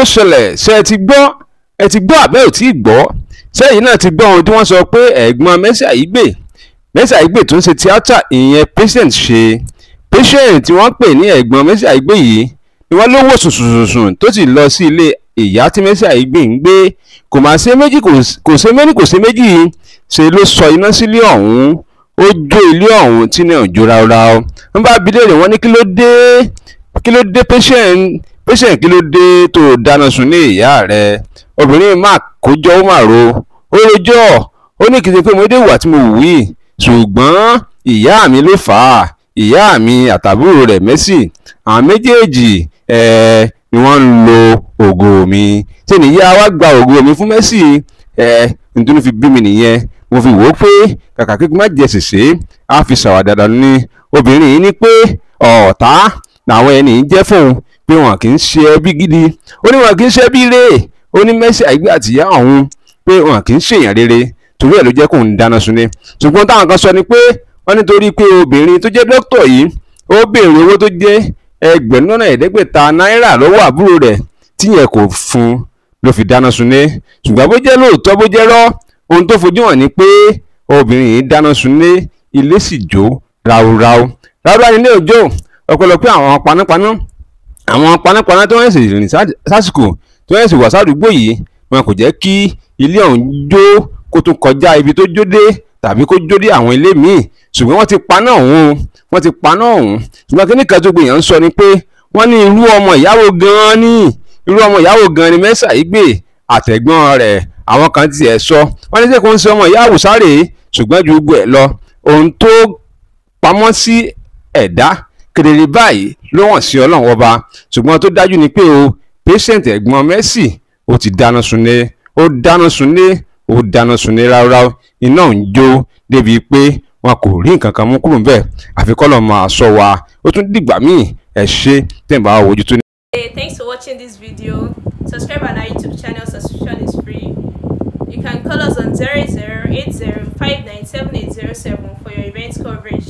ó ṣẹlẹ̀ ṣe ẹ ti gbọ́ ẹ ti gbọ́ àbẹ́ ò tí ì gbọ́ sẹ́yìn náà ti gbọ́ ohun tí wọ́n sọ pé ẹ̀gbọ́n Mercy Aigbe Mercy Aigbe tó ń ṣe tíátà ìyẹn patient ṣe patient tí wọ́n pè ní ẹ̀gbọ́n Mercy Aigbe yìí ni wọ́n ló wò tó sì lọ sí ilé ìyá tí Mercy Aigbe ń gbé kò máa ṣe méjì kò ṣe méjì kò ṣe méjì ṣe ló sọ iná sílé ọ̀hún ó jó ilé ọ̀hún tí náà jó ráúráú wọ́n bá bi patient patient kí ló dé tó dáná sun ní ìyá rẹ obìnrin má kójọ ó mà ro ó rojọ́ ó ní kìí ṣe pé mo dé ìwà tí mo wù yìí ṣùgbọ́n ìyá mi ló fà á ìyá mi àtàbúrò rẹ̀ mẹ́sì àwọn méjèèjì ẹ̀ẹ́ ni wọ́n ń lo ògo mi ṣé nìyá wa gba ògo mi fún mẹ́sì ẹ̀ẹ́ nítorí fi bí mi nìyẹn mo fi wò ó pé kàkà kí n má jẹ ṣèṣe á fi ṣàwàdà ni obìnrin yìí ní pé ọ̀tá làwọn ẹni jẹ́ fóun pé wọn kì í ṣe ẹbí gidi ó ní wọn kì í ṣe ẹbí rè ó ní Mercy Aigbe àtìyá ọ̀hún pé wọn kì í ṣèyàn rere torí ẹ̀ ló jẹ́ kóun dáná sunlé ṣùgbọ́n táwọn kan sọ ni pé wọ́n nítorí pé obìnrin tó jẹ́ dókítà yìí ó béèrè owó tó jẹ́ ẹgbẹ̀rún lọ́nà ẹ̀ẹ́dẹ́gbẹ̀ta náírà lọ́wọ́ àbúrò rẹ̀ tíyẹn kò fún ló fi dáná sunlé ṣùgbọ́n bó jẹ́ lóòótọ́ bó jẹ́ rọ́ ohun tó fojú hàn ni pé obìnrin yìí dáná sunlé ilé sì jó ráúráú ráúráú nílé òjò ọ̀pọ̀lọpọ̀ àwọn panápaná àwọn panápaná tó ń sì rìn sásìkò tó ń sì wà sádùúgbò yìí wọn kò jẹ́ kí ilé ọ̀hún jó kó tún kọjá ibi tó jó dé tàbí kó jó dé àwọn ilé míì ṣùgbọ́n wọ́n ti paná ọ̀hún o wọ́n ti paná ọ̀hún ṣùgbọ́n kí nìkan tó gbìyànjú sọ ni pé wọ́n ní irú ọmọ ìyàwó gan-an ní irú ọmọ ìyàwó gan-an ni Mercy Igbe àtẹ̀gbọ́n rẹ̀ àwọn kan tiẹ̀ sọ wọ́n ní sẹ́ kó ń sọ ọmọ ìyàwó sáré ṣùgbọ́n ju gbogbo ẹ̀ lọ ohun tó pamọ́ sí ẹ̀dá kedere báyìí ló hàn sí ọlọ́run ọba ṣùgbọ́n tó dájú ni pé o patient ẹ̀gbọ́n Messi ó ti dáná sunlé ó dáná sunlé ó dáná sunlé ráúráú iná ń jó débi pé wọn kò rí nǹkan kan mú kúrò níbẹ̀ àfikọ́lọ̀ máa sọ wa ó tún dìgbà míì ẹ̀ ṣe tẹ̀m̀bà ojú tó ní. Hey, thanks for watching this video. Subscribe on our YouTube channel. Subscription is free. You can call us on zero zero zero zero eight eight five nine seven seven for your event coverage.